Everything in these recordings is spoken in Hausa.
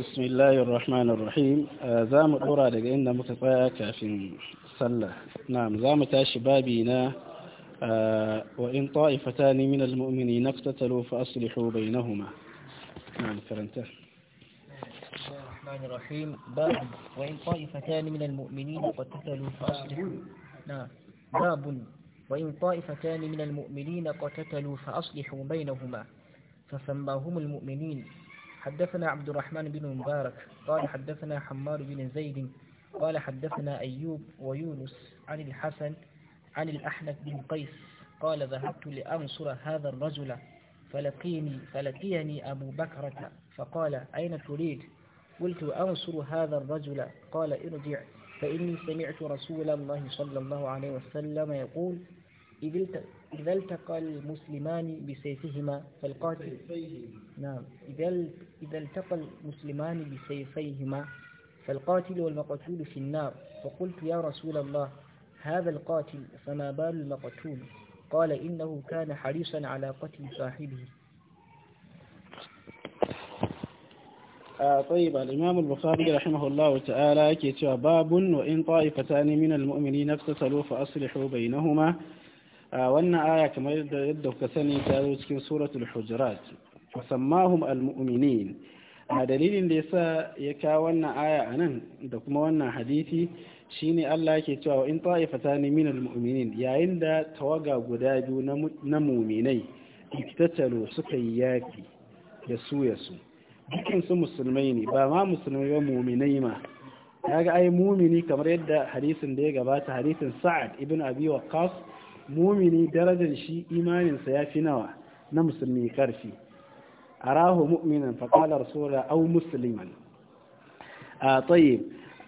بسم الله الرحمن الرحيم زام mu ɗora daga inda muka tsaya kafin sallah na'am za mu tashi babi na uh, wa in ta'ifatan min الرحمن الرحيم باب وإن طائفتان من المؤمنين قتتلوا فأصلحوا نعم باب وإن طائفتان من المؤمنين قتتلوا فأصلحوا بينهما فسماهم المؤمنين حدثنا عبد الرحمن بن مبارك قال حدثنا حمار بن زيد قال حدثنا أيوب ويونس عن الحسن عن الأحنف بن قيس قال ذهبت لأنصر هذا الرجل فلقيني فلقيني أبو بكرة فقال أين تريد قلت أنصر هذا الرجل قال ارجع فإني سمعت رسول الله صلى الله عليه وسلم يقول إذا التقى المسلمان بسيفهما فالقاتل نعم إذا التقى المسلمان بسيفيهما فالقاتل والمقتول في النار فقلت يا رسول الله هذا القاتل فما بال المقتول قال إنه كان حريصا على قتل صاحبه آه طيب الإمام البخاري رحمه الله تعالى كتاب باب وإن طائفتان من المؤمنين اقتتلوا فأصلحوا بينهما wannan aya kamar yadda kuka sani ta zo cikin suratul hujurat fasammahum almu'minin a dalilin da yasa ya kawo wannan aya anan da kuma wannan hadisi shine Allah yake cewa wa in ta'ifatan min almu'minin yayin da tawaga guda biyu na mu'minai iktatalu suka yi yaki da su ya su dukkan su musulmai ne ba ma musulmai ba mu'minai ma kaga ai mu'mini kamar yadda hadisin da ya gabata hadisin Sa'ad ibn Abi Waqqas mumini darajar shi imaninsa ya fi nawa na musulmi karfi arahu mu'minan faƙalar sura au musulman a tsaye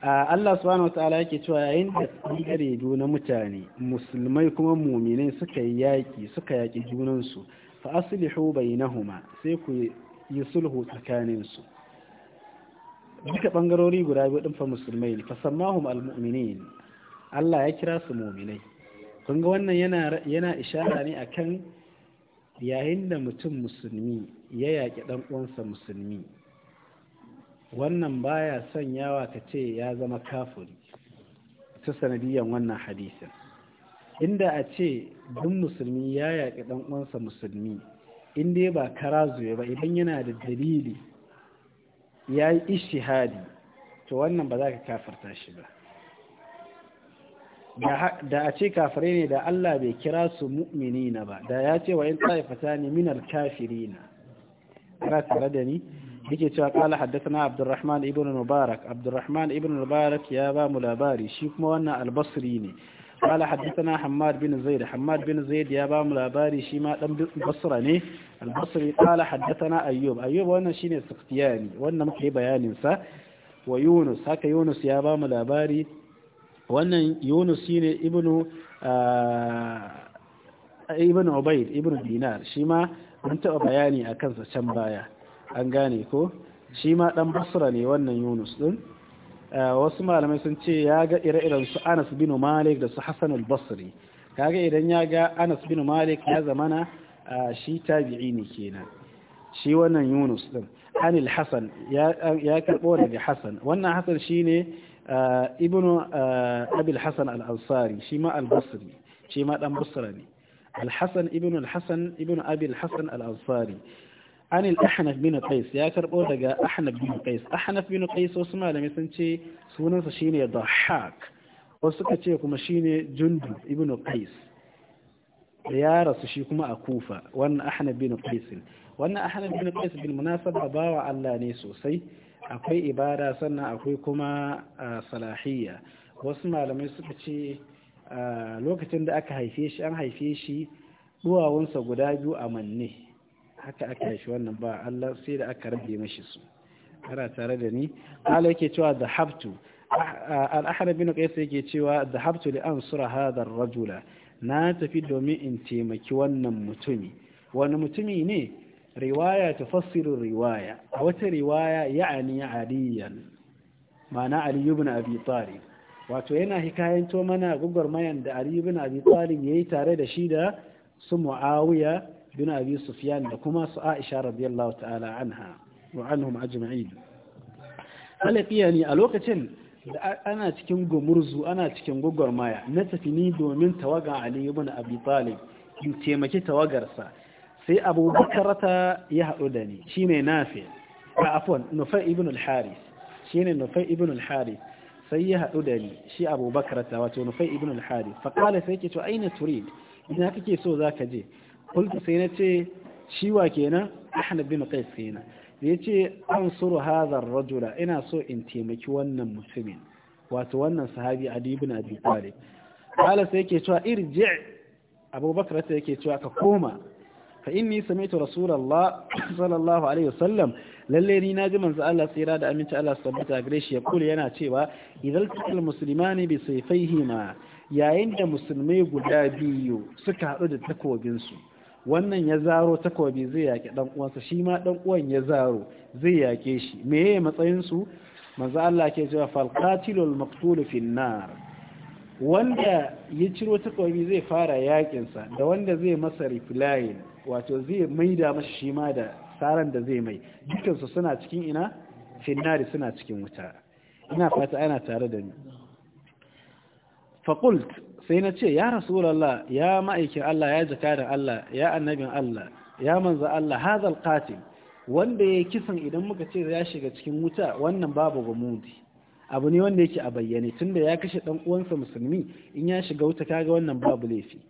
Allah subhanahu wataala yake cewa yayin da ɓangare na mutane musulmai kuma muminai suka yi yaƙi suka yaƙi junansu fa aslihu bainahuma sai ku yi sulhu tsakaninsu duka bangarorin guda biyu ɗin fa musulmai ne fa sammahum almu'minin Allah ya kira su muminai kun wannan yana ishara ne akan yayin da mutum musulmi ya yaƙi ɗan uwansa musulmi wannan baya son yawa kace ya zama kafuri ta sanadiyan wannan hadisin inda a ce duk musulmi ya yaƙi ɗan'uwansa uwansa musulmi inda ba kara zuwa ba idan yana da dalili ya yi ishihadi to wannan ba za ka kafarta shi ba da a ce kafire ne da Allah bai kira su mu'mini na ba da ya ce wa in ta'ifata ne minar kafiri na kira tare da ni yake cewa kala haddathana abdurrahman ibn mubarak abdurrahman ibn mubarak ya ba mu labari shi kuma wannan albasri ne kala haddathana hamad bin zaid hamad bin zaid ya ba mu labari shi ma dan basra ne albasri kala haddathana ayyub ayyub wannan shine sufyani wannan muke bayanin sa wa yunus haka yunus ya ba mu labari wannan yunus shi ne ibn obaid ah, ibn dinar shi ma an taɓa bayani a kansa can baya an gane ko shi ma ɗan basra ne wannan yunus ɗin ah, wasu malamai sun ce ya ga ire-iren su anas bin malik da su hassan al-basri kaga idan ya ga anas bin malik ya zamana ah, shi tabi'i ne kenan shi wannan yunus ɗin anil hassan ya karɓo daga hassan wannan hassan shi ne. ibnu abil hasan al-ansari shi ma al-basri shi ma dan basra ne al-hasan ibnu al-hasan ibnu abil hasan al-ansari an al-ahnaf bin qais ya karbo daga ahnaf bin qais ahnaf bin qais wasu malamai sun ce sunansa shine dhahak wasu ka ce kuma shine jundu ibnu qais ya rasu shi kuma a kufa wannan ahnaf bin qais wannan ahnaf bin qais bil munasaba bawa Allah ne sosai akwai ibada sannan akwai kuma salahiyya wasu malamai suka ce lokacin da aka haife shi an haife shi duwawunsa guda biyu a manne haka aka haifi wannan ba Allah sai da aka rabe mashi su kana tare da ni ala yake cewa da haftu al'ahara bin kaisa yake cewa da haftu li an sura hadar rajula na tafi domin in taimaki wannan mutumi wani mutumi ne riwaya ta fassirin riwaya a wata riwaya ya'ani aliyan ma'ana ali ibn abi talib wato yana hikayanto mana mayan da ali ibn abi talib yayi tare da shi da su muawiya bin abi sufyan da kuma su aisha radiyallahu ta'ala anha wa anhum ajma'in alaqiyani a lokacin da ana cikin gumurzu ana cikin maya na tafi ni domin tawaga ali ibn abi talib in taimaki tawagarsa sai abu bakarata ya haɗu da ni shi ne nafi a ah, afon nufai ibn al-haris shi ne nufai ibn al-haris sai ya haɗu da ni shi abu bakarata wato nufai ibn al-haris faƙala sai ke to aina turid ina kake so za ka je kulta sai na ce shi wa kenan ahmad bin qais kenan ya ce an suru hazar rajula ina so in taimaki wannan mutumin wato wannan sahabi adi ibn abi talib qala sai yake cewa irji abubakar sai yake cewa ka koma fa inni sami'tu rasulullah sallallahu alaihi wasallam lalle ni naji manzo Allah tsira da aminci Allah sabbata gare shi ya kula yana cewa idal takal muslimani bi sayfayhima yayin da musulmai guda biyu suka hadu da takobin su wannan ya zaro takobi zai yake dan uwansa shi ma dan uwan ya zaro zai yake shi meye matsayin su manzo Allah ke cewa fal qatilul maqtul fi nar wanda ya ciro takobi zai fara yakin sa da wanda zai masa riflayin. wato zai maida mashi shi ma da tsaron da zai mai dukansu suna cikin ina finnari suna cikin wuta ina fata ana tare da ni fakult sai na ce ya rasulallah ya ma'aikin Allah ya jaka da Allah ya annabin Allah ya manza Allah hazal qatil wanda ya kisan idan muka ce ya shiga cikin wuta wannan babu mudi abu ne wanda yake a bayyane tunda ya kashe dan uwansa musulmi in ya shiga wuta kaga wannan babu laifi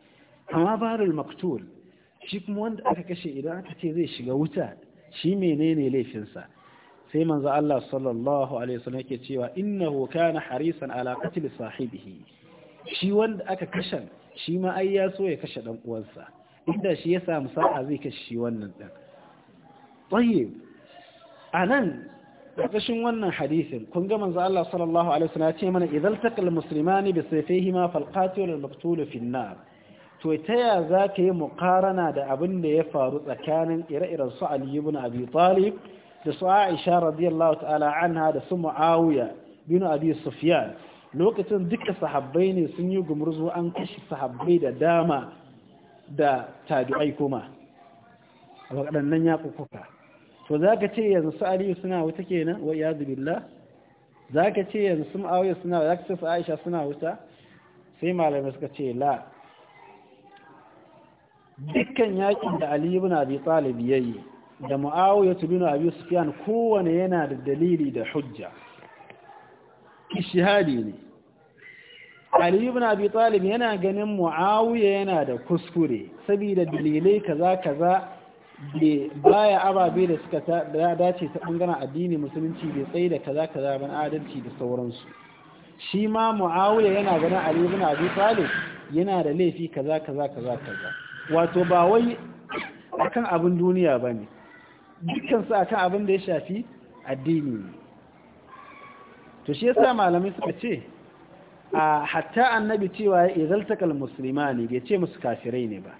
amma barul maktul shi kuma wanda aka kashe idan aka ce zai shiga wuta shi menene laifinsa sai manzo Allah sallallahu alaihi wasallam yake cewa innahu kana harisan ala qatl sahibihi shi wanda aka kashe shi ma ai ya so ya kashe dan uwansa inda shi ya samu sa'a zai kashe shi wannan dan tayyib anan ƙarƙashin wannan hadisin kun ga manzo Allah sallallahu alaihi wasallam ya ce mana idal taqal muslimani bi sayfihima fal qatil al maqtul fi an-nar to ta ya za ka yi mukarana da abin da ya faru tsakanin ire-iren su Ali ibn Abi Talib da su Aisha radiyallahu ta'ala anha da su ma'awuya bin Abi Sufyan lokacin duka sahabbai ne sun yi gumurzu an kashe sahabbai da dama da tabi'ai kuma a waɗannan ya kukuka to za ka ce yanzu su Aliyu suna wuta kenan wa ya zubilla za ka ce yanzu su Aisha suna wuta sai malamai suka ce la dukkan yakin da Ali ibn Abi Talib yayi da Muawiya ibn Abi Sufyan kowane yana da dalili da hujja ishihadi ne Ali ibn Abi Talib yana ganin Muawiya yana da kuskure saboda dalilai kaza kaza da baya ababe da suka dace ta bangaren addini musulunci bai tsaye da kaza kaza ban adalci da sauransu shi ma Muawiya yana ganin Ali ibn Abi Talib yana da laifi kaza kaza kaza kaza wato ba wai akan abin duniya ba ne dukkansu akan abin da ya shafi addini ne to shi yasa malamai suka ce a hatta annabi cewa ya izaltakal musulmani bai ce musu kafirai ne ba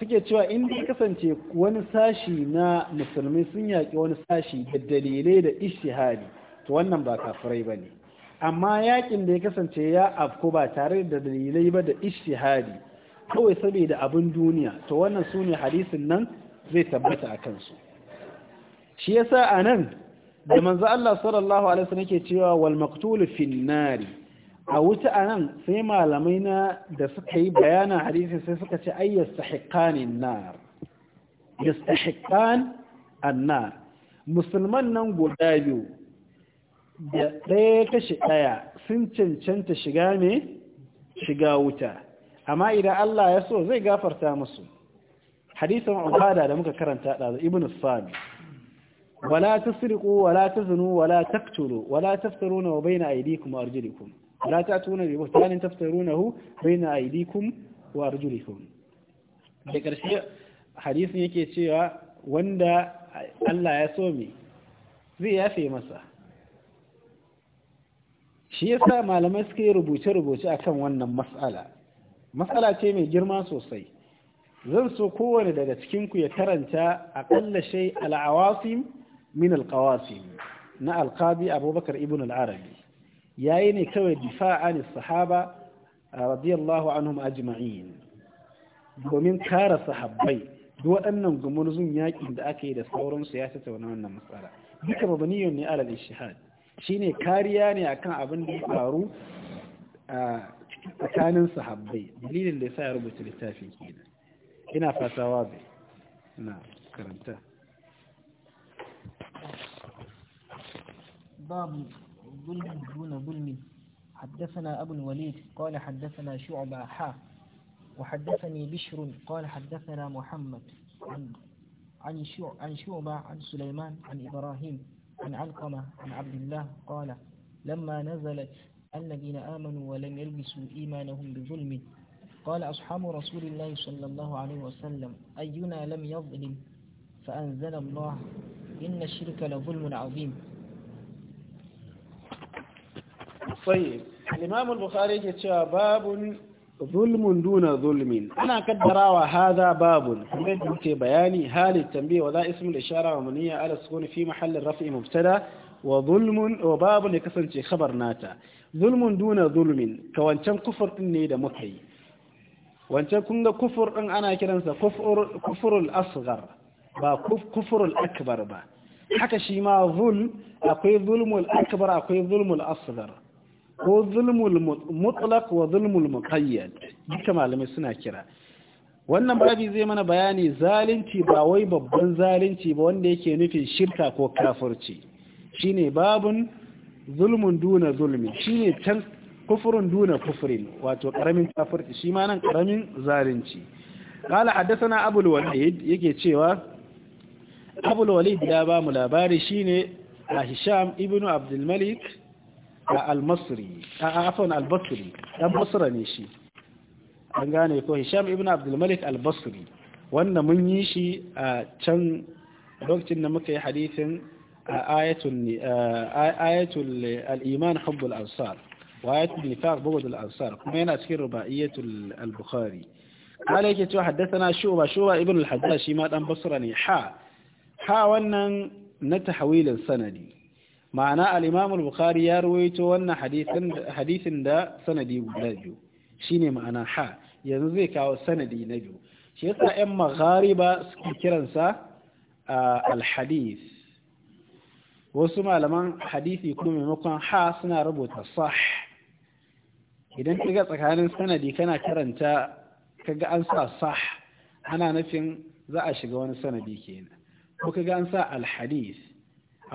suke cewa inda ya kasance wani sashi na musulmi sun yaƙi wani sashi da dalilai da ishihadi to wannan ba kafirai ba ne amma yaƙin da ya kasance ya afko ba tare da dalilai ba da ishihadi kawai saboda abin duniya to wannan su ne hadisin nan zai tabbata a kansu shi ya sa a nan da manzo Allah sallallahu alaihi wasallam yake cewa wal maqtul fin a wuta a nan sai malamai na da suka yi bayanin hadisin sai suka ce ay yastahiqanin nar yastahiqan annar musulman nan guda biyu da ɗaya kashe ɗaya sun cancanta shiga ne shiga wuta amma idan Allah ya so zai gafarta musu hadisin ubada da muka karanta da ibn sami wala tusriqu wala tazunu wala taqtulu wala taftaruna wa bayna aydikum wa arjulikum wala ta'tuna bi buhtanin taftarunahu bayna aydikum wa arjulikum da karshe hadisin yake cewa wanda Allah ya so mi zai yafe masa shi yasa malamai suke rubuce-rubuce akan wannan mas'ala matsala ce mai girma sosai zan so kowane daga cikinku ya karanta aƙalla shai al'awasim min alƙawasim na alƙabi abubakar ibn al'arabi yayi ne kawai difa'an sahaba radiyallahu anhum ajma'in domin kara sahabbai duk waɗannan gumurzun yaƙin da aka yi da sauransu ya ta tauna wannan matsala duka babaniyun ne alal ishihad shine kariya ne akan abin da ya faru كان sahabbai dalilin da اللي ya rubuta littafin kenan ina fata نعم na باب ظلم دون ظلم حدثنا أبو الوليد قال حدثنا شعبة حا وحدثني بشر قال حدثنا محمد عن عن عن شعبة عن سليمان عن إبراهيم عن علقمة عن عبد الله قال لما نزلت الذين آمنوا ولم يلبسوا إيمانهم بظلم قال أصحاب رسول الله صلى الله عليه وسلم أينا لم يظلم فأنزل الله إن الشرك لظلم عظيم طيب الإمام البخاري يتشى باب ظلم دون ظلم أنا رأى هذا باب حميد بياني هالي التنبيه وذا اسم الإشارة ومنية على السكون في محل الرفع مبتدا wa zulmun wa babu ne kasance khabar nata zulmun duna zulmin ka wancan kufur din ne da muka yi wancan kun ga kufur din ana kiransa kufurul asghar ba kufurul akbar ba haka shi ma zulm akwai zulmul akbar akwai zulmul asghar ko zulmul mutlaq wa zulmul muqayyad duka malamai suna kira wannan babu zai mana bayani zalunci ba wai babban zalunci ba wanda yake nufin shirka ko kafirci shine babun zulmun duna zulmi shine can kufurin duna kufurin wato karamin kafirci shi ma nan karamin zalunci qala haddathana abul walid yake cewa abul walid ya ba mu labari shine hisham ibnu abdul malik al-masri afwan al-basri dan basra ne shi an gane ko hisham ibnu abdul malik al-basri wannan mun yi shi a can lokacin da muka yi hadisin ayatul al'iman iman hubbul ansar wa ayatul nifaq bughd al kuma yana cikin rubaiyatul al-bukhari kala yake cewa haddathana shuba shuba ibn al-hajjaj shi ma dan basra ne ha ha wannan na tahwilin sanadi ma'ana al-imam al-bukhari ya ruwaito wannan hadisin da sanadi guda biyu shine ma'ana ha yanzu zai kawo sanadi na biyu shi yasa ƴan maghariba suke kiransa al-hadith wasu malaman hadisi kuma maimakon ha suna rubuta sah idan kiga tsakanin sanadi kana karanta kaga an sa sah ana nufin za a shiga wani sanadi kenan ko kaga an sa alhadis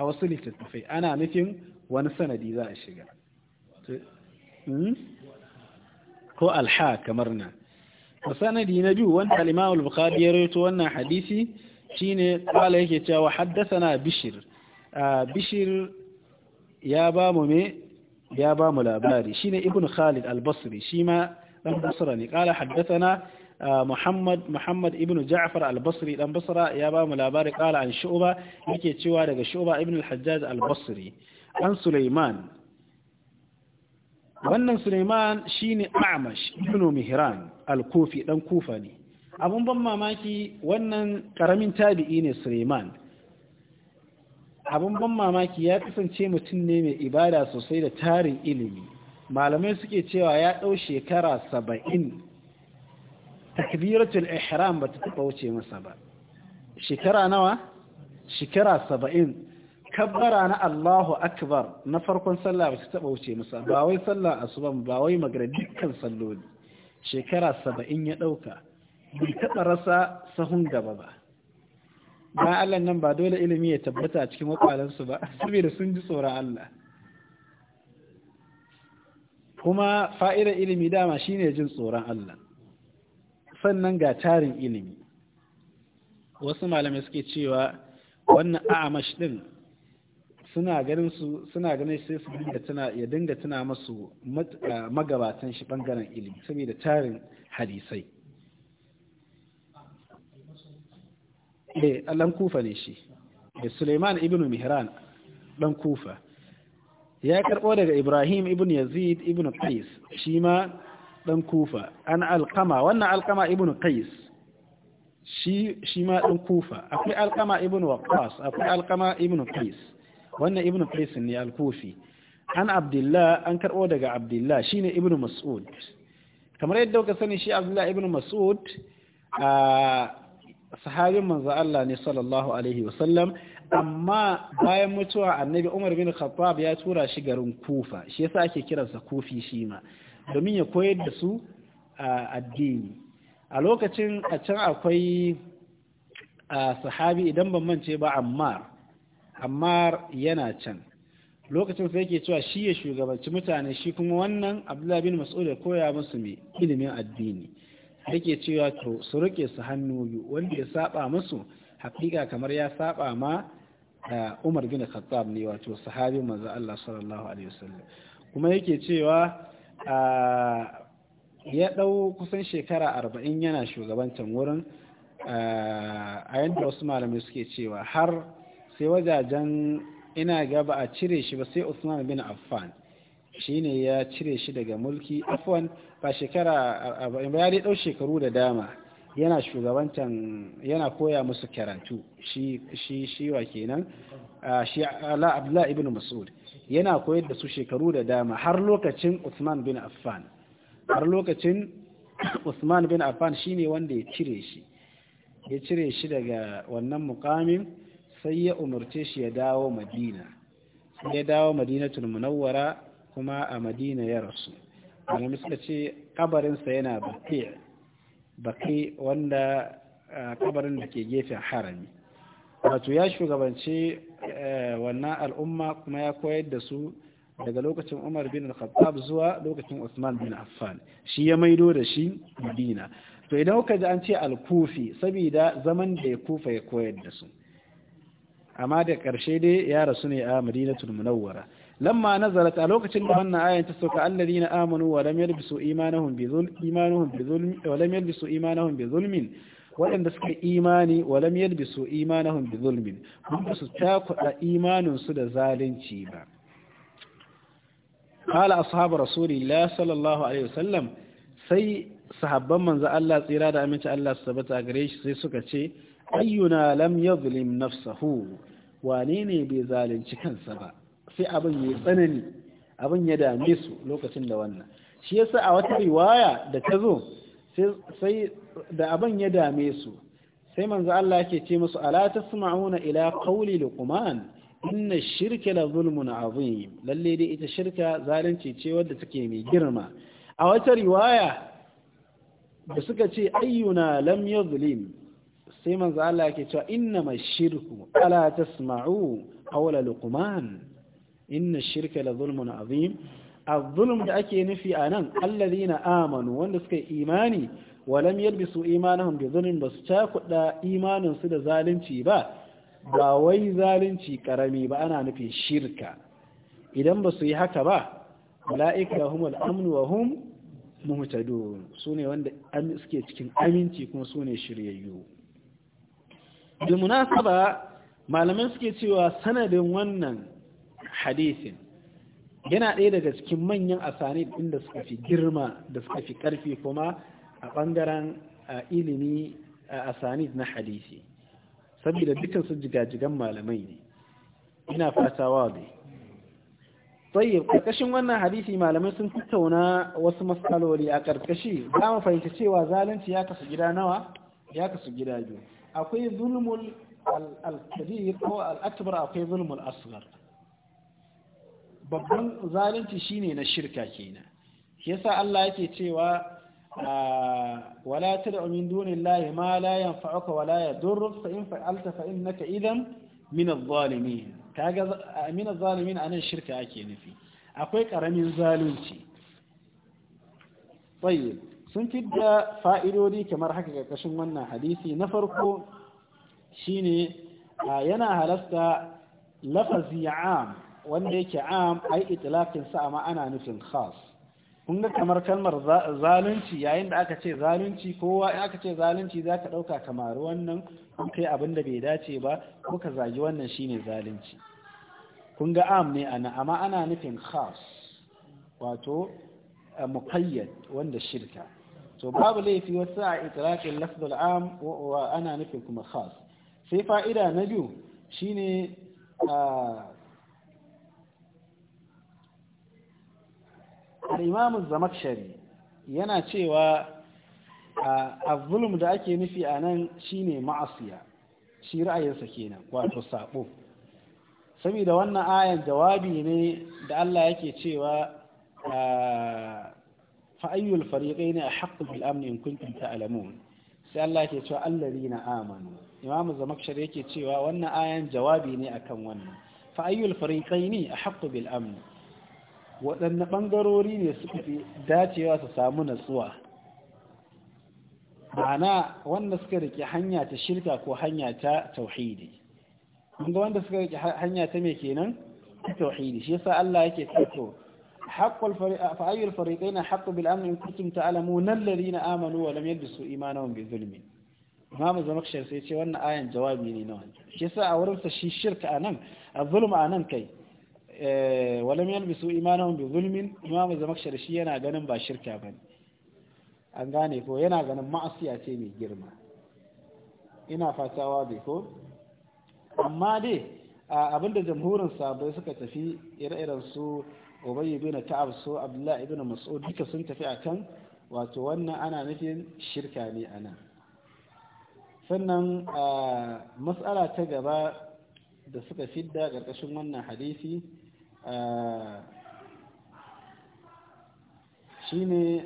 a wasu littattafai ana nufin wani sanadi za a shiga hmm? ko alha kamar nan sanadi na biyu wanda al-Imam al-Bukhari ya rawaito wannan hadisi shine qala yake cewa haddathana Bishr bishir ya ba mu me ya ba mu labari shine ibn khalid al-basri shi ma dan basra ne kala haddathana muhammad muhammad ibn ja'far al-basri dan basra ya ba mu labari kala an shu'ba yake cewa daga shu'ba ibn al-hajjaj al-basri an sulaiman wannan suleiman ne amash ibn mihran al-kufi dan kufa ne abun ban mamaki wannan karamin tabi'i ne suleiman abin ban mamaki ya kasance mutum ne mai ibada sosai da tarin ilimi malamai suke cewa ya ɗau shekara saba'in takbiratul ihram ba ta taɓa wuce masa ba shekara nawa shekara saba'in kabbara na Allahu akbar na farkon sallah ba ta taɓa wuce masa ba wai sallah asuban ba wai magana salloli shekara saba'in ya ɗauka bai taɓa rasa sahun gaba ba bayan Allah nan ba dole ilimi ya tabbata a cikin wakwalansu ba saboda sun ji tsoron Allah kuma fa'idar ilimi dama shine jin tsoron Allah sannan ga tarin ilimi wasu malamai suke cewa wannan a'amash din suna ganin su suna ganin sai su dinga tana ya dinga tana masu eh, magabatan shi bangaren ilimi saboda tarin hadisai eh kufa ne shi eh, Suleiman ibn Mihran ɗan kufa ya karbo daga Ibrahim ibn Yazid ibn Qais shi ma ɗan kufa an alkama wannan alkama ibn Qais shi ma ɗan kufa akwai alkama ibn waqas akwai alkama ibn Qais wannan ibn Qais ne al an Abdullah an karbo daga Abdullah shine ibn Mas'ud kamar yadda kuka sani shi Abdullah ibn Mas'ud a ah, sahabin manzo Allah ne sallallahu alaihi wasallam amma bayan mutuwa annabi Umar bin Khattab ya tura shi garin Kufa shi yasa ake kiransa Kufi shi ma domin ya koyar da su addini a lokacin a can akwai sahabi idan ban mance ba Ammar Ammar yana can lokacin sai yake cewa shi ya shugabanci mutane shi kuma wannan Abdullah bin Mas'ud ya koya musu me ilimin addini yake cewa to su rike su hannu biyu wanda ya saba musu hakika kamar ya saba ma eh, Umar bin Khattab ne wato sahabi manzo Allah sallallahu alaihi wasallam kuma yake cewa eh, ya dau kusan shekara 40 yana shugabantan wurin eh, a yanda wasu malamai suke cewa har sai wajajen ina gaba a cire shi ba sai Usman bin Affan shine ya cire shi daga mulki afwan ba shekara ya dai dau shekaru da dama yana shugabantan yana koya musu karatu shi shi shi wa kenan shi ala ibn mas'ud yana koyar da su shekaru da dama har lokacin Usman bin Affan har lokacin Usman bin Affan shine wanda ya cire shi ya cire shi daga wannan mukamin sai ya umarce shi ya dawo Madina ya dawo Madinatul Munawwara kuma a madina ya rasu Wani suka ce kabarinsa yana baki baki wanda kabarin da ke gefen harami wato ya shugabanci eh, wannan al'umma kuma ya koyar da su daga lokacin umar bin al-khattab zuwa lokacin usman bin affan shi ya maido da shi madina to idan kuka ji an ce al-kufi saboda zaman da ya kufa ya koyar da su amma da ƙarshe dai ya rasu ne a madinatul munawwara lamma nazalat a lokacin da wannan ayan ta sauka alladina amanu wa lam yalbisu imanahum bi bi wa lam yalbisu imanahum bi zulmin waɗanda suka imani wa lam yalbisu imanahum bi zulmin su imanin su da zalunci ba qala ashabu rasulillah sallallahu alaihi wasallam sai sahabban manzo Allah tsira da aminci Allah su gare shi sai suka ce ayyuna lam yadhlim nafsahu wane ne bai zalunci kansa ba sai abin ya tsanani abin ya dame su lokacin da wannan shi yasa a wata riwaya da ta zo sai da abin ya dame su sai manzo Allah yake ce musu ala tasma'una ila qawli luqman inna shirka la zulmun azim lalle dai ita shirka zalunci ce wadda take mai girma a wata riwaya da suka ce ayyuna lam yuzlim sai manzo Allah yake cewa inna mashirku ala tasma'u qawla luqman inna shirka la zulmun azim az-zulm da ake nufi anan alladhina amanu wanda suka imani wa lam yalbisu imanahum bi zulmin basu kudda imanin su da zalunci ba ba wai zalunci karami ba ana nufin shirka idan ba su yi haka ba mala'ika hum al-amn wa hum muhtadun sune wanda suke cikin aminci kuma sune shiryayyu da munasaba malamai suke cewa sanadin wannan hadisin yana ɗaya daga cikin manyan asani inda suka fi girma da suka fi ƙarfi kuma a ɓangaren ilimi a asani na hadisi saboda dukkan su jigajigan malamai ne ina fata wa dai tsaye ƙarƙashin wannan hadisi malamai sun tattauna wasu matsaloli a ƙarƙashi za mu fahimci cewa zalunci ya kasu gida nawa ya kasu gida biyu akwai zulmul al-kabir ko al-akbar akwai zulmul asghar babban zalunci shine na shirka kenan yasa Allah yake cewa ah, wala tad'u min dunillahi ma la yanfa'uka wa la yadurruk fa in fa'alta fa innaka idan min adh-dhalimin kaga ah, min adh-dhalimin anan shirka ake nufi akwai karamin zalunci tayyib sun fidda fa'idodi kamar haka karkashin wannan hadisi na farko shine ah, yana halasta lafazi am wanda yake am ai itlaqin sa amma ana nufin khas kun ga kamar kalmar zalunci yayin da aka ce zalunci kowa in aka ce zalunci zaka ɗauka kamar wannan kun kai abin da bai dace ba ko ka zagi wannan shine zalunci kun ga am ne ana amma ana nufin khas wato eh, muqayyad wanda shirka to babu laifi wasu a itlaqin lafzul am wa ana nufin kuma khas sai fa'ida na biyu shine a ah, al-imam zamakshari yana cewa az-zulm da ake nufi a nan shi ne ma'asiya shi ra'ayinsa kenan wato sabo saboda wannan ayan jawabi ne da Allah yake cewa fa ayyul ne a bil amni in kuntum ta'lamun sai Allah yake cewa allazina amanu imamu zamakshari yake cewa wannan ayan jawabi ne akan wannan fa ayyul ne a bil amni waɗanne ɓangarori ne suka fi dacewa su samu natsuwa ma'ana wanda suka rike hanya ta shirka ko hanya ta tauhidi inda wanda suka rike hanya ta mai kenan tauhidi shi yasa Allah yake fito haqqul ayyul fariqaina haqqu bil amn in kuntum ta'lamun alladhina amanu wa lam yalbisu imanahum bi zulmi Imam Zamakhshari sai ce wannan ayan jawabi ne na wannan shi yasa a wurin sa shi shirka anan a zulm anan kai Eh, walam yalbisu imanahum bi zulmin imam zamakshari shi yana ganin ba shirka bane an gane ko yana ganin ma'asiya ce mai girma ina fatawa bai ko amma dai abinda jamhurin sabai suka tafi ire-iren su ubayy na ta'ab su abdullahi ibn mas'ud duka sun tafi akan wato wannan ana nufin shirka ne ana sannan a matsala ta gaba da suka fidda ƙarƙashin wannan hadisi Eh, shine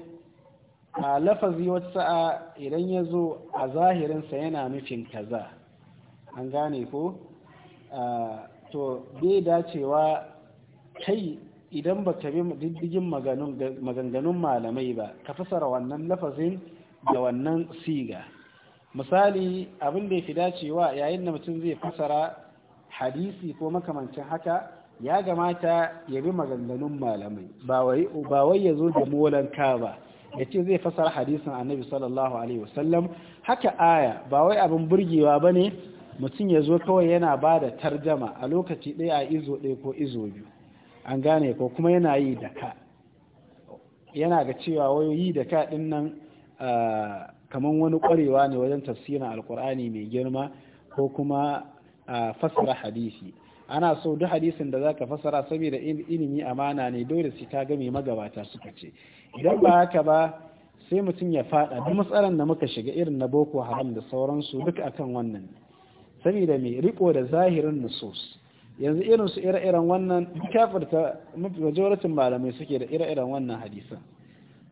a lafazi wata sa'a idan ya zo a zahirinsa yana nufin kaza an gane ko to bai dacewa kai idan ba ka bi diddigin maganganun malamai ba ka fasara wannan lafazin da wannan siga misali abin da ya fi dacewa yayin da mutum zai fasara hadisi ko makamancin haka ya gamata ya bi maganganun malamai ba wai ya zo da ka ba ya ce zai fasar hadisin annabi sallallahu alaihi wasallam haka aya ba wai abin burgewa ba ne mutum ya zo kawai yana ba da tarjama a lokaci ɗaya a izo ɗaya ko izo biyu an gane ko kuma yana yi da ka yana ga cewa wai yi da ka ɗin nan kamar wani ƙwarewa ne wajen tafsirin alƙur'ani mai girma ko kuma fasara hadisi ana so duk hadisin da zaka fasara saboda ilimi amana ne dole sai ka gami magabata suka ce idan ba haka ba sai mutum ya fada duk matsalan da muka shiga irin na boko haram da sauransu duk akan wannan saboda mai riko da zahirin nusus yanzu irin su ire-iren wannan kafirta majoratin malamai suke da ire-iren wannan hadisan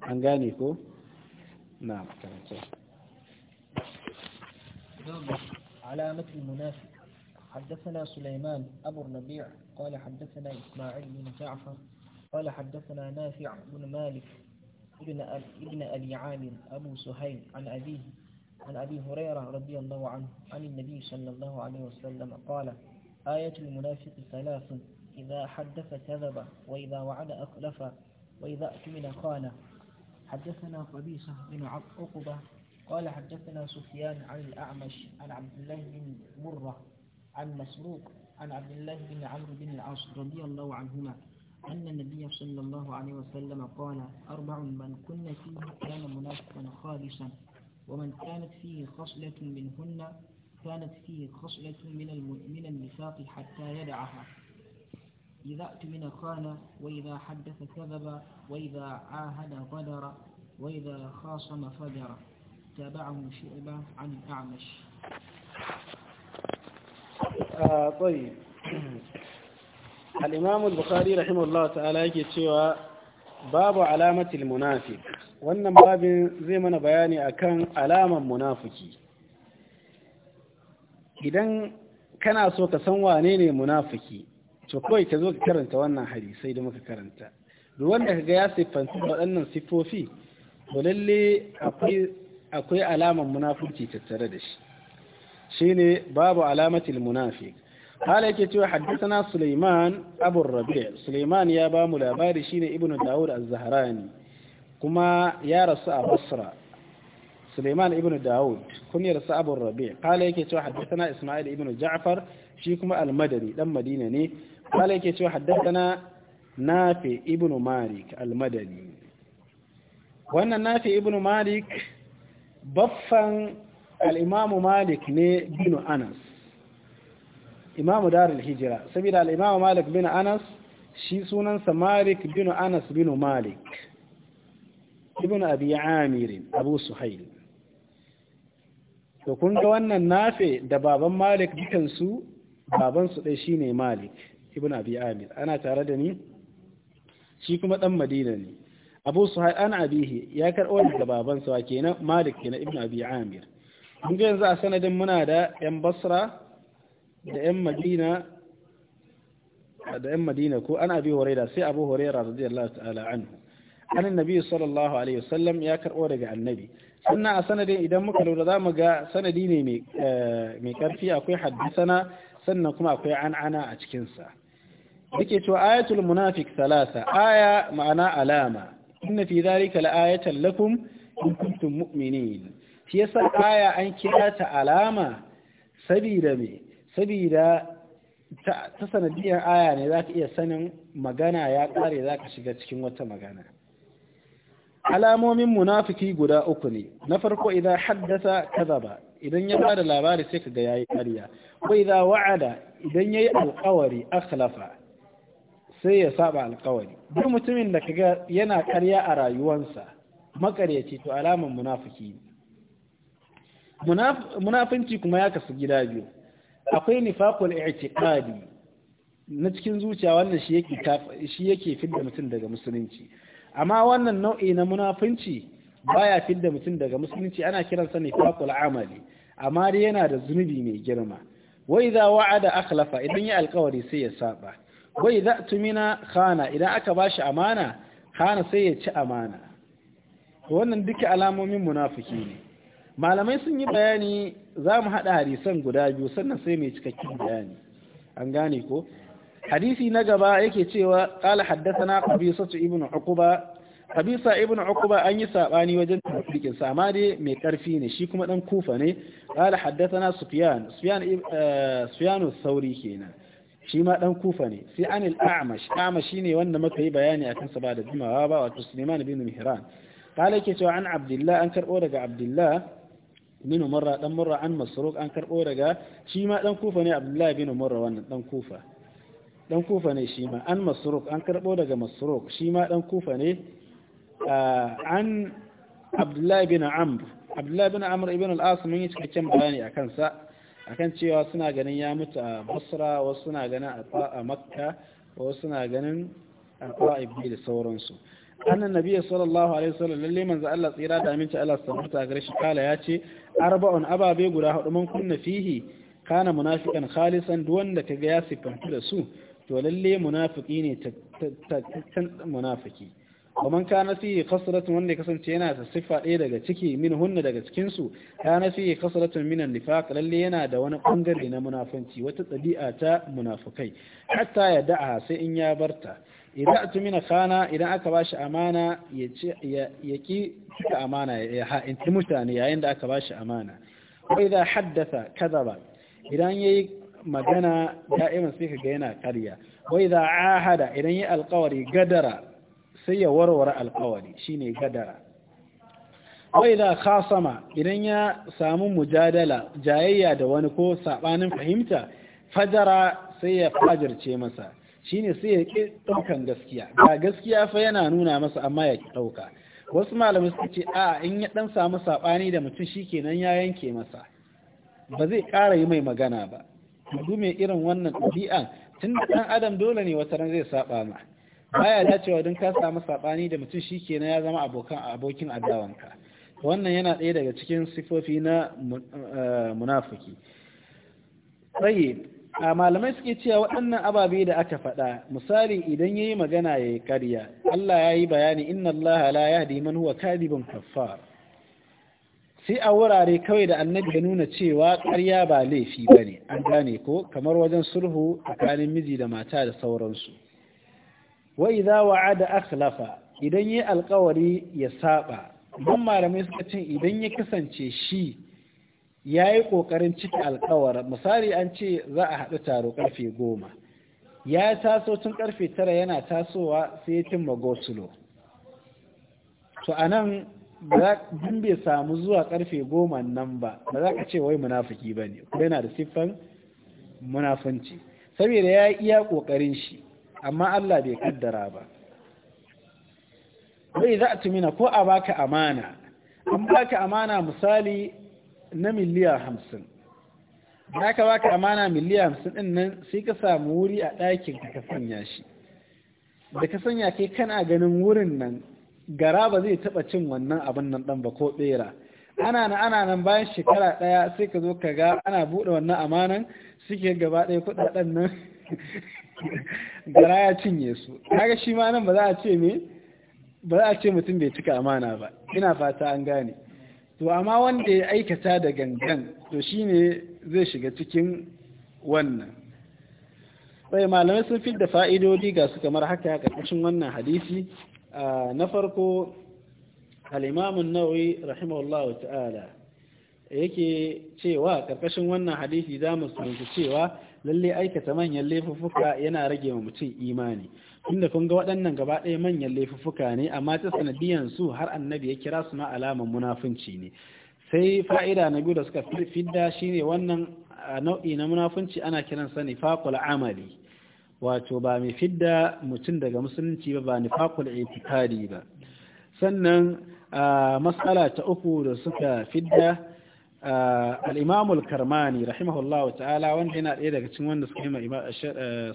an gane ko na karanta مثل المنافق حدثنا سليمان أبو الربيع قال حدثنا إسماعيل بن جعفر قال حدثنا نافع بن مالك ابن ابن أبي عامر أبو سهيل عن أبيه عن أبي هريرة رضي الله عنه عن النبي صلى الله عليه وسلم قال آية المنافق ثلاث إذا حدث كذب وإذا وعد أخلف وإذا أكمل خان حدثنا قبيصة بن عقبة قال حدثنا سفيان عن الأعمش عن عبد الله بن مرة عن مسروق عن عبد الله بن عمرو بن العاص رضي الله عنهما أن النبي صلى الله عليه وسلم قال أربع من كن فيه كان منافقا خالصا ومن كانت فيه خصلة منهن كانت فيه خصلة من من النفاق حتى يدعها إذا أتمن خان وإذا حدث كذب وإذا عاهد غدر وإذا خاصم فجر تابعه شعبة عن الأعمش A طيب الإمام البخاري رحمه الله تعالى cewa babu alamatil المنافق wannan babin zai mana bayani akan alaman munafiki idan kana so ka san wane ne munafiki to kawai ka zo ka karanta wannan hadisai da muka karanta ruwan da ga ya siffanci waɗannan siffofi to lalle akwai alaman munafurci tattare da shi shine babu alamatil munafiq hala yake cewa haddathana Sulaiman Abu Rabi' Sulaiman ya ba mu labari shine ibnu daud az-Zahrani kuma ya rasu a Basra Sulaiman ibnu daud kunyar sa Abu Rabi' hala yake cewa haddathana Isma'il ibnu Ja'far shi kuma al-Madani dan Madina ne hala yake cewa haddathana Nafi ibnu Malik al-Madani wannan Nafi ibnu Malik baffan al'imamu malik ne binu anas imamu darul hijira saboda al'imamu malik binu anas shi sunansa malik binu anas binu malik ibn abi amirin abu suhail to kun ga wannan nafe da baban malik dukansu babansu ɗai ne malik ibn abi amir ana tare da ni shi kuma ɗan madina ne abu suhail an abihi ya karɓo daga babansa wa kenan malik kenan ibn abi amir kun ga yanzu a sanadin muna da 'yan basra da 'yan madina da 'yan madina ko ana abi horaira sai abu horaira radiyallahu ta'ala anhu anin nabi sallallahu alaihi wasallam ya karbo daga annabi sannan a sanadin idan muka lura za mu ga sanadi ne mai karfi eh, akwai haddisana sannan kuma akwai an'ana a cikinsa yake cewa ayatul munafik thalatha aya ma'ana alama inna fi dhalika la'ayatan lakum in kuntum mu'minin shi yasa aya an kira ta alama sabida me sabida ta sanadiyar aya ne za ka iya sanin magana ya kare za ka shiga cikin wata magana alamomin munafiki guda uku ne na farko idan haddasa kazaba idan ya ba da labari sai ka ga yayi ƙarya ko idan wa'ada idan ya yayi alkawari akhlafa sai ya saba alkawari duk mutumin da ka ga yana ƙarya a rayuwarsa makaryaci to alaman munafiki ne Munafunci kuma ya kasu gida biyu akwai nifakul i'tiqadi na cikin zuciya wannan shi yake shi yake fidda mutum daga musulunci amma wannan nau'i na munafinci baya fidda mutum daga musulunci ana kiransa nifakul amali amma dai yana da zunubi mai girma wa idza wa'ada akhlafa idan ya alkawari sai ya saba wa idza tumina khana idan aka bashi amana khana sai ya ci amana wannan duka alamomin munafiki ne malamai sun yi bayani za mu haɗa hadisan guda biyu sannan sai mai cikakken bayani an gane ko hadisi na gaba yake cewa qala haddathana qabisa ibn ƙabi qabisa ibn uqba an yi sabani wajen tafsirin sa amma dai mai karfi ne shi kuma dan kufa ne qala haddathana sufyan sufyan eh, sufyan sauri kenan shi ma dan kufa ne sai an amash a'mash shine wanda muka yi bayani akan sa ba da jimawa ba wato suleiman bin Mihran qala yake cewa an Abdullah an karbo daga Abdullah bin Umarra dan Murra an Masruq an karbo daga shi ma dan Kufa ne Abdullahi bin Umarra wannan dan Kufa dan Kufa ne shi ma an Masruq an karbo daga Masruq shi ma dan Kufa ne ah, an Abdullahi bin Amr Abdullahi bin Amr ibn al-As mun yi cikakken bayani akan sa akan cewa suna ganin ya mutu a Basra wasu suna ganin a Makka wasu suna ganin a Ibn da sauransu annan Nabiya sallallahu alaihi wasallam lalle manzo Allah tsira da aminci Allah subhanahu a gare shi kala ya ce arba'un ababe guda hudu mun kunna fihi kana munafiqan khalisan duwanda wanda kaga ya sifantu da su to lalle munafiki ne tattan munafiki wa man kana fi khasratun wanda ya kasance yana da siffa ɗaya daga ciki min hunna daga cikin su kana fi khasratun min an-nifaq lalle yana da wani bangare na munafanci wata ɗabi'a ta munafikai hatta ya da'a sai in ya barta idan tumina kana idan aka ba shi amana ya ki cika amana ya ha'inci mutane yayin da aka ba shi amana wa idan haddasa ba idan ya yi magana da'iman sai ka ga yana karya wa idan ahada idan ya alkawari gadara sai ya warware shi shine gadara wa idan khasama idan ya samu mujadala jayayya da wani ko sabanin fahimta fajara sai ya fajirce masa Shi ne sai ya ƙi ɗaukan gaskiya ga gaskiya fa yana nuna masa amma ya ƙi ɗauka wasu malamai suka ce a in ya ɗan samu saɓani da mutum shi kenan ya yanke masa ba zai ƙara yi mai magana ba duk mai irin wannan ɗabi'a tun da ɗan adam dole ne wata ran zai saɓa ma baya dacewa don ka samu saɓani da mutum shi kenan ya zama abokan abokin adawanka wannan yana ɗaya daga cikin sifofi na eh, munafuki. tsaye a malamai suke cewa waɗannan ababe da aka faɗa misali idan yayi magana ya yi ƙarya Allah ya yi bayani inna Allah la yahdi man huwa kadibun kaffar sai a wurare kawai da annabi ya nuna cewa ƙarya ba laifi bane an gane ko kamar wajen sulhu tsakanin miji da mata da sauransu wa idza wa'ada akhlafa idan yayi alƙawari ya saba don malamai suka ce idan ya kasance shi ya yi ƙoƙarin cika alkawar misali an ce za a haɗu taro ƙarfe goma ya yi taso tun ƙarfe tara yana tasowa sai ya cimma gosulo to a nan din bai samu zuwa ƙarfe goma nan ba ba za ka ce wai munafiki ba ne kuma yana da siffan munafunci saboda ya yi iya ƙoƙarin shi amma Allah bai kaddara ba bai za a tumina ko a baka amana an baka amana misali na miliya hamsin da ka baka amana miliya hamsin ɗin nan sai ka samu wuri a ɗakin ka sanya shi da ka sanya kai kana ganin wurin nan gara ba zai taɓa cin wannan abin nan ɗan ba ko ɓera ana nan ana nan bayan shekara ɗaya sai ka zo ka ga ana buɗe wannan amanan suke gaba ɗaya kuɗaɗen nan gara ya cinye su kaga shi ma nan ba za ce me ba za a ce mutum bai cika amana ba ina fata an gane to amma wanda ya aikata da gangan to shi ne zai shiga cikin wannan sai malamai sun fi da fa'idodi ga su kamar haka a ƙarƙashin wannan hadisi na farko al'imamun Nauyi rahimahullahu ta'ala yake cewa ƙarƙashin wannan hadisi za mu cewa lalle aikata manyan laifuffuka yana rage wa mutum imani inda kun ga waɗannan gaba ɗaya manyan laifuffuka ne amma ta sanadiyan su har annabi ya kira su ma alaman munafunci ne sai fa'ida na biyu da suka fidda shi ne wannan nau'i na munafunci ana kiran sa nifaqul amali wato ba mai fidda mutum daga musulunci ba ba nifaqul itikadi ba sannan matsala ta uku da suka fidda al karmani rahimahullahu ta'ala wanda yana ɗaya daga cikin wanda suka yi ma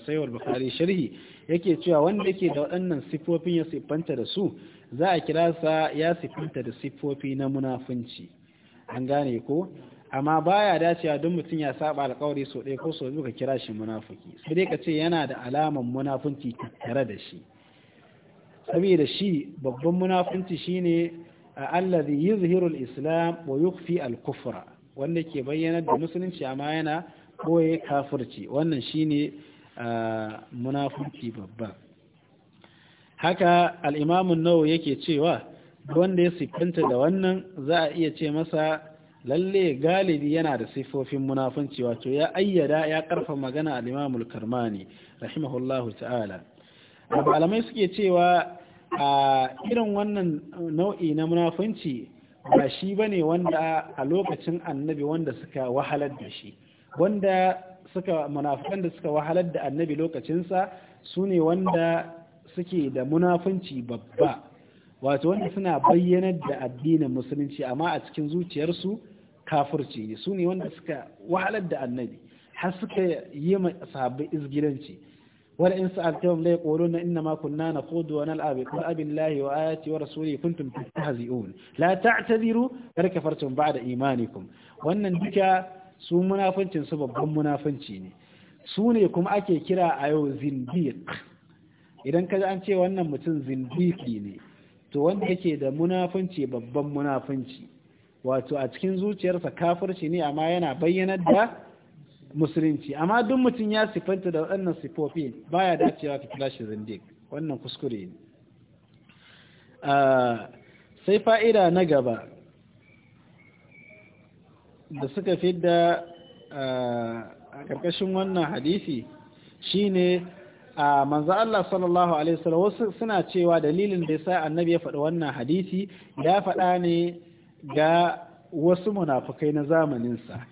sayyid bukhari sharhi yake cewa wanda yake da waɗannan sifofin ya siffanta da su za a kira sa ya siffanta da sifofi na munafunci an gane ko amma baya dacewa don mutum ya saba alƙawari so ɗaya ko so biyu ka kira shi munafiki sai dai ka ce yana da alaman munafunci tare da shi saboda shi babban munafunci shine allazi yuzhiru al-islam wa yukhfi al-kufra wanda ke bayyana da musulunci amma yana boye kafirci wannan shine munafiki babba haka al-imam an-nawawi yake cewa wanda ya siffanta da wannan za a iya ce masa lalle galibi yana da sifofin munafunci wato ya ayyada ya karfa magana al-imam al-karmani rahimahullahu ta'ala malamai suke cewa a irin wannan nau'i na munafunci ba shi ba ne wanda a lokacin annabi wanda suka wahalar da shi wanda suka munafukan da suka wahalar da annabi lokacinsa su ne wanda suke da munafunci babba wato wanda suna bayyanar da addinin musulunci amma a cikin zuciyarsu kafurci ne su ne wanda suka wahalar da annabi har suka yi ma sahabbai izgilanci wala in sa'altahum la yaquluna innama kunna nakhudu wa nal'ab qul abillahi wa ayati wa rasuli kuntum tastahzi'un la ta'tadiru kar da ba'da imanikum wannan duka su munafincin su babban munafinci ne su ne kuma ake kira a yau zindiq idan kaji an ce wannan mutum zindiki ne to wanda yake da munafunci babban munafunci wato a cikin zuciyarsa kafirci ne amma yana bayyanar da musulunci amma duk mutum ya sifanta da waɗannan sifofi baya dacewa ka kira shi zindik wannan kuskure ne ah, sai fa'ida na gaba da suka fidda ah, a ƙarƙashin wannan hadisi shine a ah, manzo Allah sallallahu alaihi wasallam wasu suna cewa dalilin da yasa annabi ya faɗi wannan hadisi ya faɗa ne ga wasu munafukai na zamaninsa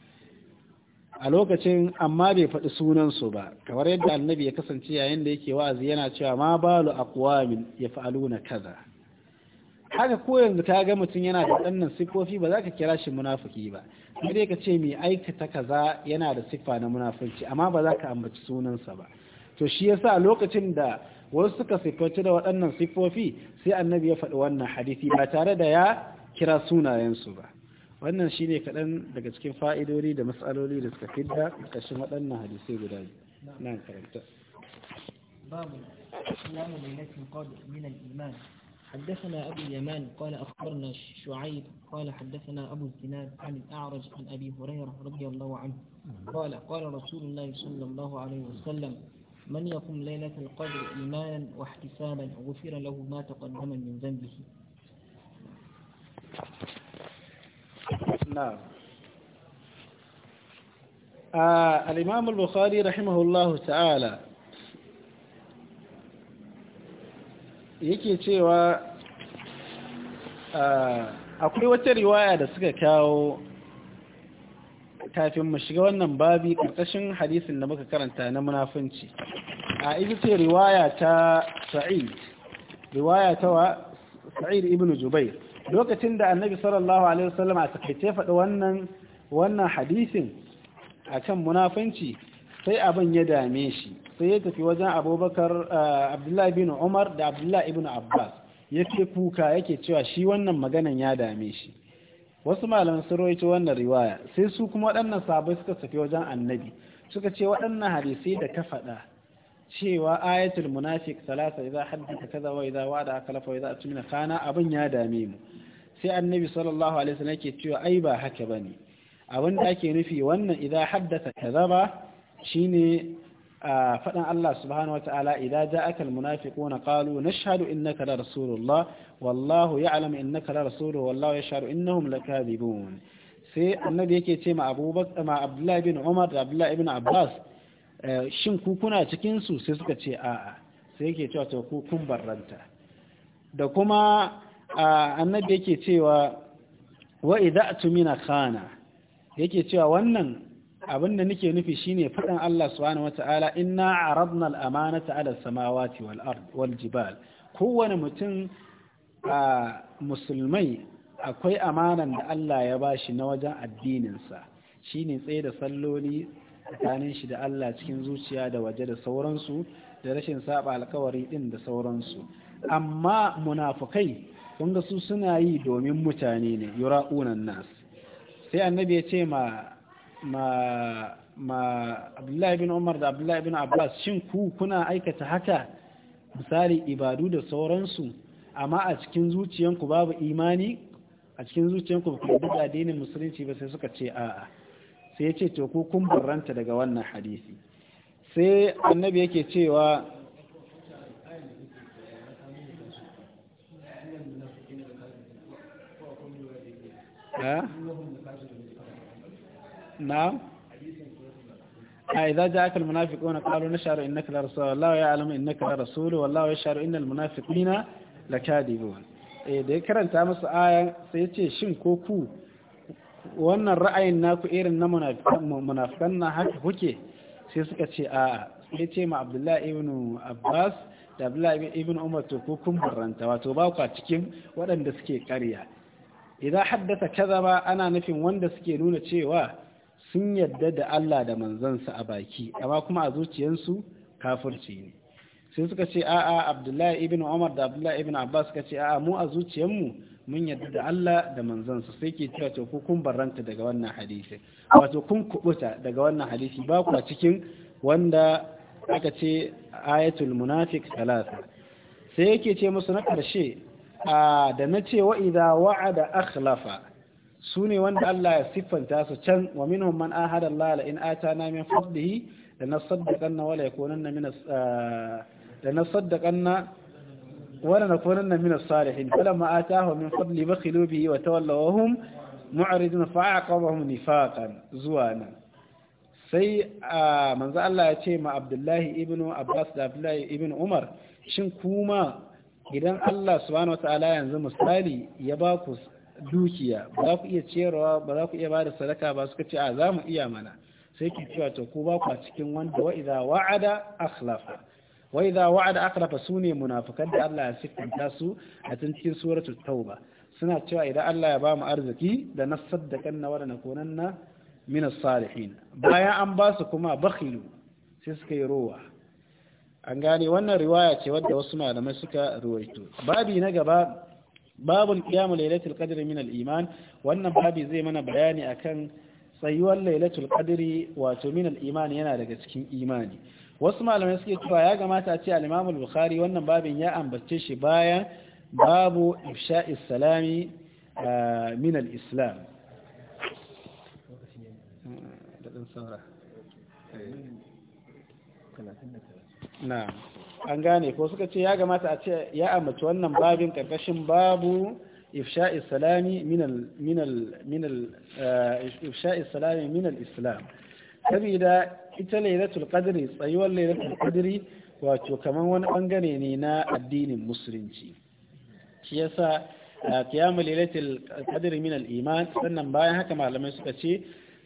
a lokacin amma bai faɗi sunansu ba kamar yadda annabi ya kasance yayin da yake wa'azi yana cewa ma balu aqwamin yaf'aluna kaza haka ko yanzu ta ga mutum yana da ɗannan siffofi ba za ka kira shi munafiki ba sai dai ka ce mai aikata kaza yana da sifa na munafunci amma ba za ka ambaci sunansa ba to shi yasa lokacin da wasu suka siffanci da waɗannan siffofi sai annabi ya faɗi wannan hadisi ba tare da ya kira sunayensu ba wannan shine kadan daga cikin fa'idori da matsaloli da suka fidda kashin waɗannan hadisai guda nan karanta babu salamu mai nafin qad min al-iman حدثنا أبو اليمان قال أخبرنا شعيب قال حدثنا أبو الزناد عن الأعرج عن أبي هريرة رضي الله عنه قال قال رسول الله صلى الله عليه وسلم من يقم ليلة القدر إيمانا واحتسابا غفر له ما تقدم من ذنبه نعم آه الإمام البخاري رحمه الله تعالى yake cewa akwai wata riwaya da suka kawo kafin mu shiga wannan babi ƙarƙashin hadisin da muka karanta na munafunci a ita ce riwaya ta sa'id riwaya ta wa sa'id ibn jubair lokacin da annabi sallallahu alaihi wasallam a takaice faɗi wannan wannan hadisin kan munafanci sai abin ya dame shi sai ya tafi wajen abubakar eh, abdullahi bin umar da abdullahi ibn abbas ya ce kuka yake cewa shi wannan maganan ya dame shi wasu malaman sun rawaito wannan riwaya sai su kuma waɗannan sabai suka tafi wajen annabi suka ce waɗannan hadisai da ka faɗa cewa ayatul munafiq salasa idza haddatha kaza wa idza wa'ada akhlafa wa idza atmina kana abun ya dame mu sai annabi sallallahu alaihi wasallam yake cewa ai ba haka bane abin da ake nufi wannan idza haddatha kaza ba shine fadan Allah subhanahu wata'ala idza ja'aka almunafiquna qalu nashhadu innaka la rasulullah wallahu ya'lamu innaka la rasuluhu wallahu yashhadu innahum lakadibun sai annabi yake ce ma abubakar ma abdullahi bin umar da abdullahi ibn abbas Eh, shin ku kuna cikin su sai suka ce a'a sai yake cewa to ku kun barranta da kuma annabi yake cewa wa idza tumina khana yake cewa wannan abin da nake nufi shine fadan Allah subhanahu wataala inna aradna al-amanata ala samawati wal ard wal jibal kowane mutum a musulmai akwai amanan da Allah ya bashi na wajen addininsa shine tsaye da salloli tsakanin shi da Allah cikin zuciya da waje da sauransu da rashin saba alkawari din da sauransu amma munafukai kun ga su suna yi domin mutane ne yura'unan nas sai annabi ya ce ma ma ma Abdullahi bin Umar da Abdullahi bin Abbas shin ku kuna aikata haka misali ibadu da sauransu amma a cikin zuciyanku babu imani a cikin zuciyanku ba ku da addinin musulunci ba sai suka ce a'a sai ya ce ko kun barranta daga wannan hadisi sai annabi yake cewa na'am a idan ja aka almunafiq wani kalu na sharu inna ka rasu wallawa ya alamu inna ka rasu wallawa ya sharu inna almunafiq nina la kadibu eh da ya karanta musu ayan sai ce shin ko ku wannan ra'ayin naku irin na munafikan na haka kuke sai suka ce a sai ce ma abdullahi ibn abbas da abdullahi ibn umar to ko kun baranta wato ba ku cikin waɗanda suke ƙarya idan haddasa kaza ba ana nufin wanda suke nuna cewa sun yadda da Allah da manzansa a baki amma kuma a zuciyarsu kafirci ne sai suka ce a'a abdullahi ibn umar da abdullahi ibn abbas suka ce a'a mu a zuciyarmu mun yarda da Allah da manzansa sai ke cewa to kun barranta daga wannan hadisi wato kun kubuta daga wannan hadisi ba ku cikin wanda aka ce ayatul munafiq talata sai yake ce musu na karshe a da na ce wa idza wa'ada akhlafa sune wanda Allah ya siffanta su can wa minhum man ahada Allah la in atana min fadlihi lanasaddaqanna wa la yakunanna min lanasaddaqanna ولنكونن salihin الصالحين ma'ata آتاهم من ba بخلوا wa وتولوا وهم معرضون فأعقبهم zuwa nan sai a manzo Allah ya ce ma Abdullahi ibn Abbas da Abdullahi ibn Umar shin kuma idan Allah subhanahu wataala yanzu misali ya ba ku dukiya ba za ku iya ciyarwa ba za ku iya bada sadaka ba suka ce a za mu iya mana sai ki cewa to ku ba ku a cikin wanda wa idza wa'ada akhlafa wa da wa'ada su sune munafikan da Allah ya siffanta su a cikin suratul tauba suna cewa idan Allah ya ba mu arziki da nasaddakanna wa lanakunanna min minas salihin bayan an ba su kuma bakhilu sai suka yi rowa an gane wannan riwaya ce wadda wasu malamai suka ruwaito babi na gaba babul qiyam lailatul qadri min al-iman wannan babi zai mana bayani akan tsayuwar lailatul qadri wato min al-iman yana daga cikin imani wasu malamai suke cewa ya gamata ce al-Imam bukhari wannan babin ya ambace shi bayan babu ifsha'is salami eh, min islam eh, an gane ko suka ce ya gamata a ce ya ambaci wannan babin karkashin babu إفشاء السلام من ال ita lailatul qadri tsayuwar lailatul qadri wato kamar wani bangare ne na addinin musulunci shi yasa qiyamul lailatul qadri min al-iman sannan bayan haka malamai suka ce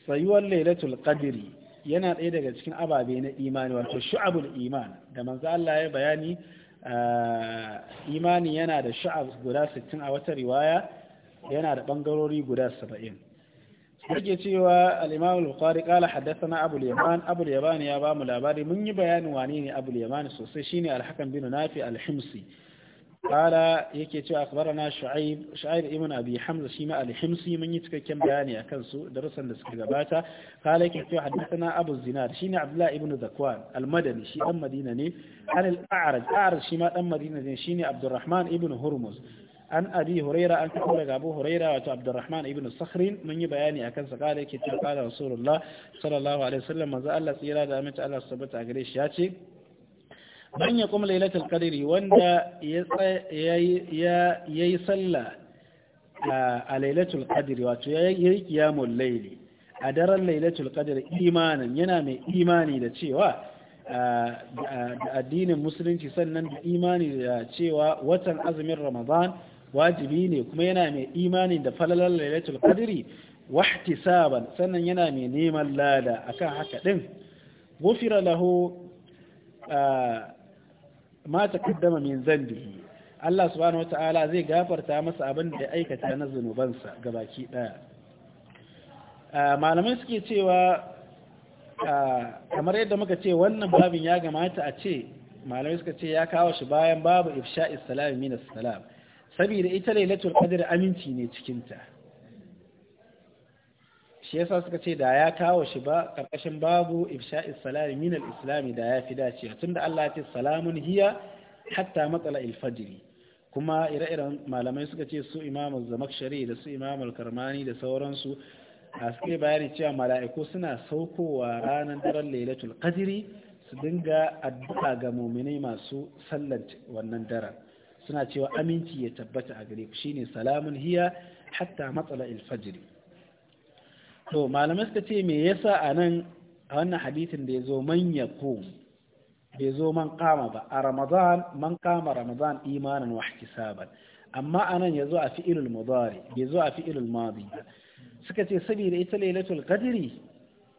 tsayuwar lailatul qadri yana ɗaya daga cikin ababe na imani wato shu'abul iman da manzo Allah ya bayani imani yana da shu'ab guda 60 a wata riwaya yana da bangarori guda 70 yake cewa al al-Bukhari qala haddathana Abu yaman Abu al ya ba mu labari mun yi bayanin wani ne Abu al sosai shine alhakan hakam bin Nafi alhimsi kala yake cewa akhbarana Shu'aib Shu'aib ibn Abi Hamza shi ma alhimsi mun yi cikakken bayani akan su darasan da suka gabata kala yake cewa haddathana Abu Zinad shine Abdullah ibn Zakwan almadani shi dan Madina ne al-A'raj A'raj shi ma dan Madina ne shine Abdurrahman ibn Hurmuz an abi huraira an kawo daga abu huraira wato abdurrahman ibn sakhrin mun yi bayani akan sa kala yake cewa kala rasulullah sallallahu alaihi wasallam manzo Allah tsira da aminta Allah subhanahu a gare shi ya ce ban ya kuma lailatul qadri wanda ya yi sallah a lailatul qadri wato ya yi qiyamul layli a daren lailatul qadri imanin yana mai imani da cewa da addinin musulunci sannan da imani da cewa watan azumin ramadan wajibi ne kuma yana mai imani da falalar lailatul qadri wahtisaban sannan yana mai neman lada akan haka din gufira lahu ma taqaddama min zambihi Allah subhanahu wata'ala zai gafarta masa abin da ya aikata na zunubansa gabaki daya malamai suke cewa kamar yadda muka ce wannan babin ya gamata a ce malamai suka ce ya kawo shi bayan babu ifsha'is salam minas salam saboda ita lailatul qadr aminci ne cikinta shi yasa suka ce da ya kawo shi ba karkashin babu ifsha'is salam min al-islam da ya fi dacewa tunda Allah ya ce salamun hiya hatta matsala al-fajr kuma ire-iren malamai suka ce su imamu zamakshari da su imamu karmani da sauransu a suke bayani cewa mala'iku suna saukowa ranar daren lailatul qadri su dinga addu'a ga muminai masu sallar wannan daren suna cewa aminci ya tabbata a gare ku shine salamun hiya hatta matsala alfajr to malamai suka ce me yasa anan a wannan hadisin da yazo man yakum bai zo man kama ba a ramadan man kama ramadan imanan wa ihtisaban amma anan yazo a fi'ilul mudari bai zo a fi'ilul madi suka ce saboda ita lailatul qadri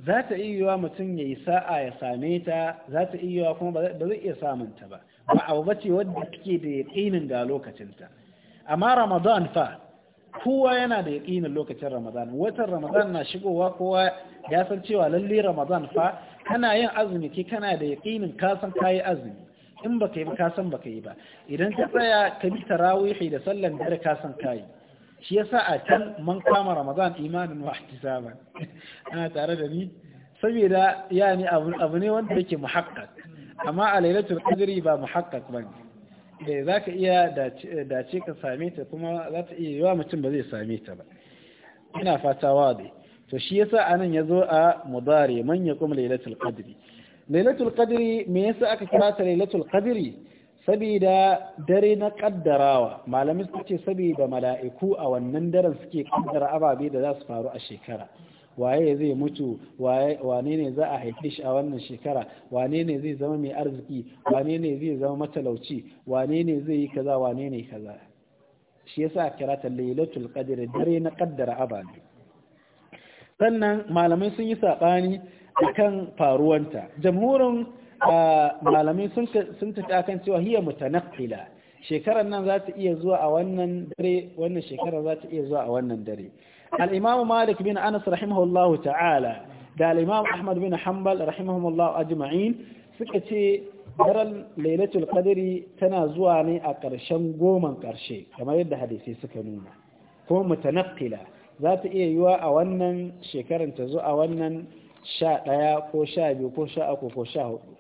za ta iya mutum yayi sa'a ya same ta za ta iya kuma ba zai iya samun ta ba ba abu ba ce wadda suke da yaƙinin ga lokacinta amma ramadan fa kowa yana da yaƙinin lokacin ramadan watan ramadan na shigowa kowa ya san cewa lalle ramadan fa kana yin azumi ke kana da yaƙinin ka san kayi azumi in baka yi ka san baka yi ba idan ka tsaya ka bi tarawihi da sallan dare kasan san kai shi yasa a can man kama ramadan imanin wa ihtisaban ana tare da ni saboda yani abu ne wanda yake muhaqqaq amma a lailatul qadri ba muhaqqaq ba eh za ka iya dace ka same ta kuma za ta iya yawa mutum ba zai same ta ba ina fata wadi to shi yasa anan ya zo a mudari man ya kuma lailatul qadri lailatul qadri me yasa aka kira ta lailatul qadri saboda dare na kaddarawa malamai suka ce saboda mala'iku a wannan daren suke kaddara ababe da za su faru a shekara waye zai mutu wane ne za a haife shi a wannan shekara wane ne zai zama mai arziki wane ne zai zama matalauci wane ne zai yi kaza wane ne kaza shi yasa kira ta lailatul qadr dare na qaddara ababe sannan malamai sun yi sabani akan faruwanta jamhurin malamai sun tafi akan cewa hiya mutanaqqila shekarar nan za ta iya zuwa a wannan dare wannan shekarar za ta iya zuwa a wannan dare al-imam malik bin anas rahimahullahu ta'ala da al-imam ahmad bin hanbal rahimahumullahu ajma'in suka ce daren lailatul qadari tana zuwa ne a ƙarshen goman ƙarshe kamar yadda hadisi suka nuna kuma mutanaqqila za ta iya yiwa a wannan shekaran ta zo a wannan sha ko sha biyu ko sha ko sha hudu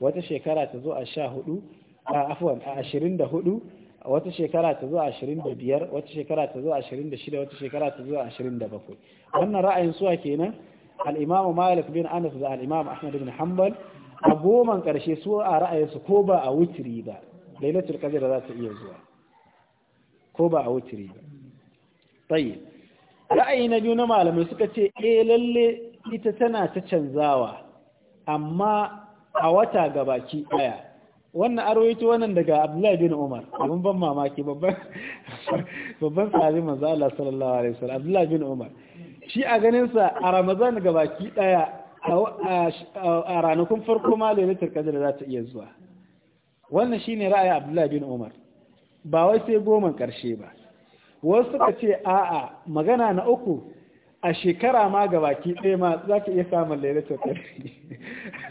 wata shekara ta zo a sha hudu a a ashirin da hudu wata shekara ta zuwa 25 wata shekara ta zuwa 26 wata shekara ta zuwa 27 wannan ra'ayin suwa kenan al-Imam Malik bin Anas da al-Imam Ahmad bin Hanbal a goman karshe su a ra'ayin su ko ba a wutri ba lailatul qadr za ta iya zuwa ko ba a wutri ba tayyib ra'ayi na biyu na malamai suka ce eh lalle ita tana ta canzawa amma a wata gabaki daya wannan arwaito wannan daga abdullahi bin umar abin ban mamaki babban sahabi manzo Allah sallallahu alaihi wasallam abdullahi bin umar shi a ganin sa a ramazan gabaki daya a ranakun farko ma da lailatul kadar za ta iya zuwa wannan shine ra'ayi abdullahi bin umar ba wai sai goman karshe ba wasu suka ce a'a magana na uku a shekara ma gabaki ɗaya ma za ka iya samun lailatul qadr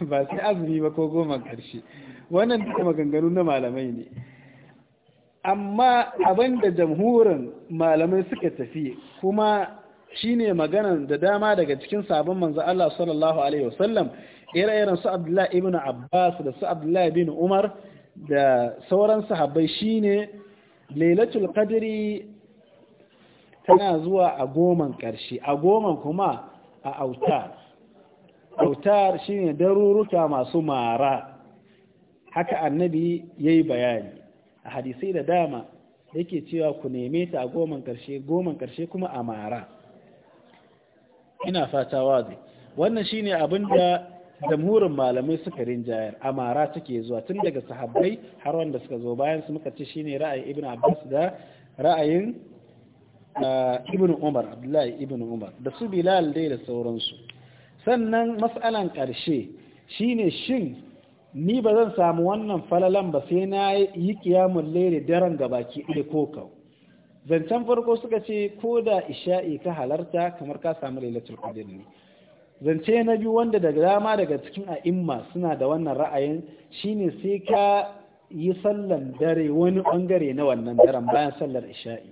ba sai azumi ba ko goman karshe wannan duka maganganu na malamai ne amma abin da jamhurin malamai suka tafi kuma shine maganan da dama daga cikin sabon manzo Allah sallallahu alaihi wasallam ire-iren su Abdullah ibn Abbas da su Abdullah ibn Umar da sauran sahabbai shine Lailatul Qadri tana zuwa a goman ƙarshe a goman kuma a autar autar shine daruruka masu mara haka annabi ya yi bayani a hadisai da dama yake cewa ku neme ta a goman karshe goman karshe kuma a mara ina fata wazi wannan shine abin da jamhurin malamai suka rinjayar a mara take zuwa tun daga sahabbai har wanda suka zo bayan su muka ce ne ra'ayin ibn abbas da ra'ayin ibn umar abdullahi ibn umar da su bilal dai da sauransu sannan mas'alan karshe ne shin ni ba zan samu wannan falalan ba sai na yi kiyamun lere daren gabaki ɗai ko kau zancen farko suka ce ko da isha'i ka halarta kamar ka samu lailatul qadr ne zance na biyu wanda daga dama daga cikin a'imma suna da wannan ra'ayin shine sai ka yi sallan dare wani bangare na wannan daren bayan sallar isha'i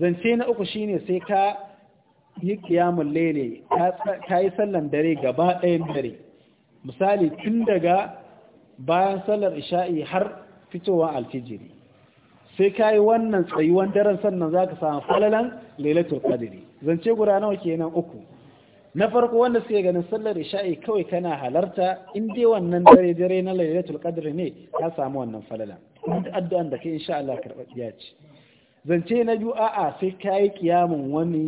zance na uku shine sai ka yi kiyamun lele ka yi sallan dare gaba ɗayan dare misali tun daga bayan sallar isha'i har fitowa alfijiri sai kayi wannan tsayuwan daren sannan za ka samu falalan lailatul qadri zance guda nawa kenan uku na farko wanda suke ganin sallar isha'i kawai kana halarta in dai wannan dare dare na lailatul qadri ne ka samu wannan falalan duk addu'an da kai insha Allah karɓa ce zance na biyu a'a sai kayi yi kiyamun wani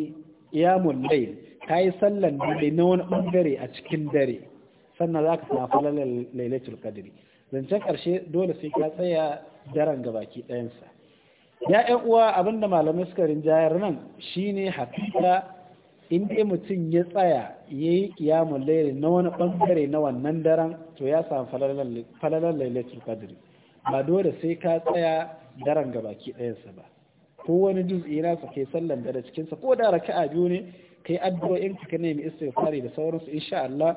kiyamun layl ka yi sallan dare na wani bangare a cikin dare sannan za ka samu falalar lailatul qadri zancen ƙarshe dole sai ka tsaya daren gabaki ɗayansa ya ƴan uwa abinda malamai suka rinjayar nan shine hakika in dai mutum ya tsaya ya yi kiyamun laili na wani ɓangare na wannan daren to ya samu falalar lailatul qadri ba dole sai ka tsaya daren gabaki ɗayansa ba ko wani juz'i na sa kai sallan dare cikin sa ko da raka'a biyu ne kai addu'o'in ka nemi istighfari da sauransu insha Allah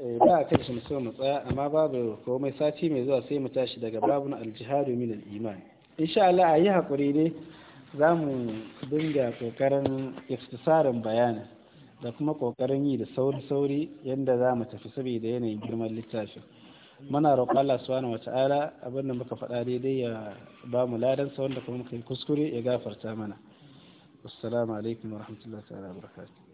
Eh, ba a kai shi mu musamman mu tsaya amma babu komai sati mai zuwa sai mu tashi daga babun aljihadu min al-iman insha Allah a yi hakuri ne za mu dinga kokarin iftisarin bayani da kuma kokarin yi da sauri-sauri yadda za mu tafi saboda yanayin girman littafin muna roƙon Allah subhanahu wata'ala abin da muka faɗa daidai ya ba mu ladan sa wanda kuma muka yi kuskure ya gafarta mana assalamu alaikum warahmatullahi ta'ala